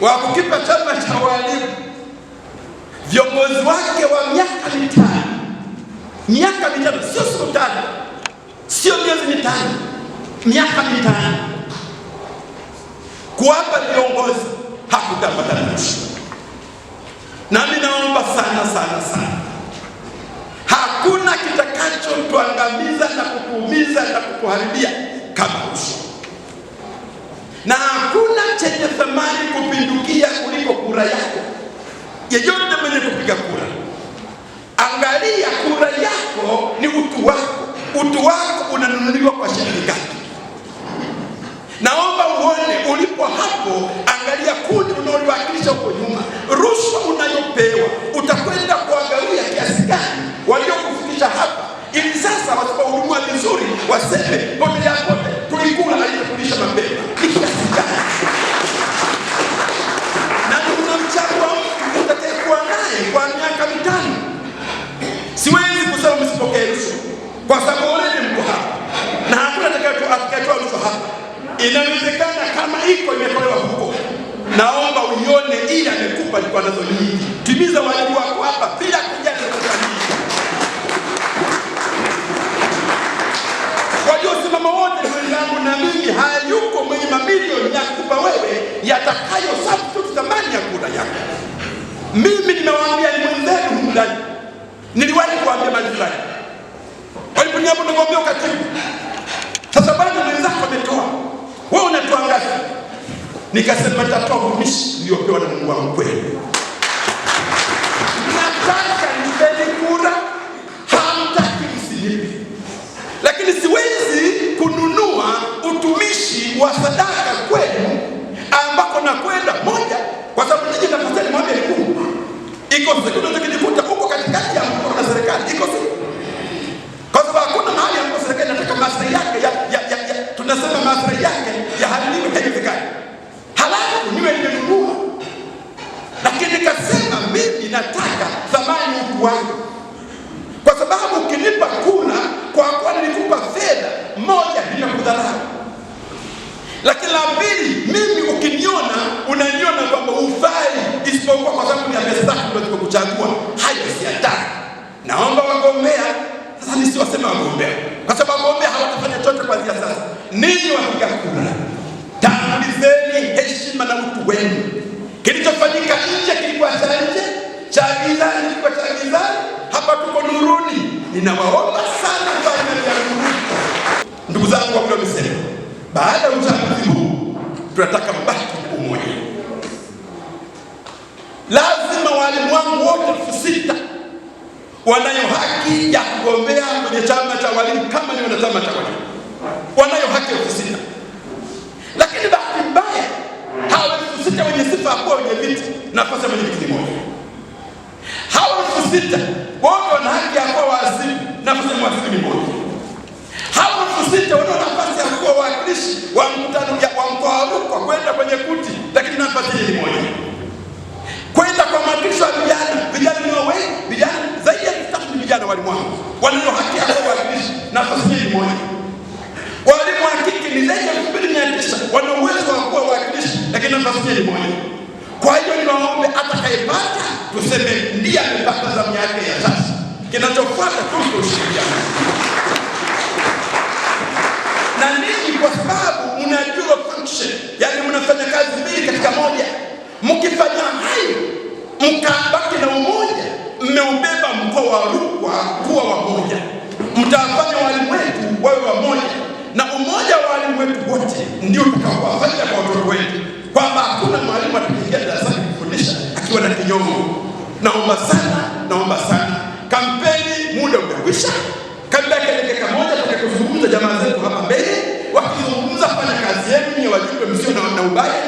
wa kukipa chama cha walimu viongozi wake wa miaka mitano, miaka mitano, sio siku tano, sio miezi mitano, miaka mitano kuwapa viongozi hakutapata rushwa. Nami naomba sana sana sana, hakuna kitakacho na kukuumiza na kukuharibia hapo, angalia kundi unaoliwakilisha huko nyuma. Rushwa unayopewa utakwenda kuangalia kiasi gani waliokufikisha hapa, ili sasa watapohudumia vizuri waseme pote ya pote tulikula aliyekulisha mapema ni kiasi kwa miaka mitano. Siwezi kusema msipokee rushwa kwa sababu wote mko hapa na hakuna atakayetoa rushwa hapa ina iko imepewa huko, naomba uione ile amekupa, alikuwa nazo nyingi. Timiza wajibu wako hapa bila kujali wote, wenzangu na mimi, hayuko mwenye mamilioni ya kukupa wewe yatakayo substitute thamani ya kura yako. Mimi nimewaambia ni mwenzenu ndani, niliwahi majirani ukatibu nikasema nitatoa utumishi niliyopewa na Mungu wangu kweli. Nataka nipeni kura, hamtaki msinipe, lakini siwezi kununua utumishi wa sadaka kwenu ambako nakwenda Mungu wangu, kwa sababu ukinipa kula kwa kuwa nilikupa fedha moja, ninakudharau. Lakini la pili, mimi ukiniona unaniona kwamba ufai, isipokuwa kwa sababu ya pesa ndio nimekuchagua. Hayo hatari naomba wagombea sasa, nisiwaseme wagombea kwa sababu wagombea hawatafanya chote kwanzia sasa. Ninyi wapiga kura, tambizeni heshima na utu wenu. mizani, kiko cha mizani, hapa tuko nuruni. Ninawaomba sana vyama ya nuruni. Ndugu zangu wa UWAMISEMI, baada ya uchaguzi huu tunataka mbaki umoja. Lazima walimu wangu wote elfu sita wanayo haki ya kugombea kwenye chama cha walimu kama ni wanachama cha walimu, wanayo haki elfu sita lakini bahati mbaya hawa elfu sita wenye sifa ya kuwa wenye viti, nafasi ya mwenyekiti sita wote wana haki ya kuwa waziri, na kusema waziri ni moja. Hao elfu sita wana nafasi ya kuwa wawakilishi wa mkutano wa mkoa wa Rukwa kwenda kwenye kuti, lakini nafasi hii ni moja, kwenda kwa mwakilishi wa vijana. Vijana ni wengi, vijana zaidi ya elfu tatu vijana walimwangu wanayo haki ya kuwa wawakilishi, nafasi hii ni moja. Walimu wa kike ni zaidi ya elfu mbili mia tisa wana uwezo wa kuwa wawakilishi, lakini nafasi hii ni moja. Kwa hiyo niwaombe hata kaipata tuseme ndiye amepata zamu yake ya sasa. Kinachofuata tupe ushirikiano na ninyi, kwa sababu mna dual function, yani mnafanya kazi mbili katika moja. Mkifanya hayo, mkabaki na umoja, mmeubeba mkoa wa Rukwa kuwa wamoja, mtawafanya walimu wetu wawe wamoja, na umoja wa walimu wetu wote ndio utakaowafanya kwa watoto wetu kwamba hakuna mwalimu atakaingia darasani kufundisha akiwa na kinyongo. Naomba sana, naomba sana. Kampeni muda umekwisha. Kabla ya dakika moja tutakapozungumza jamaa zetu hapa mbele wakizungumza, fanya kazi yenu, ni wajumbe msio na ubaya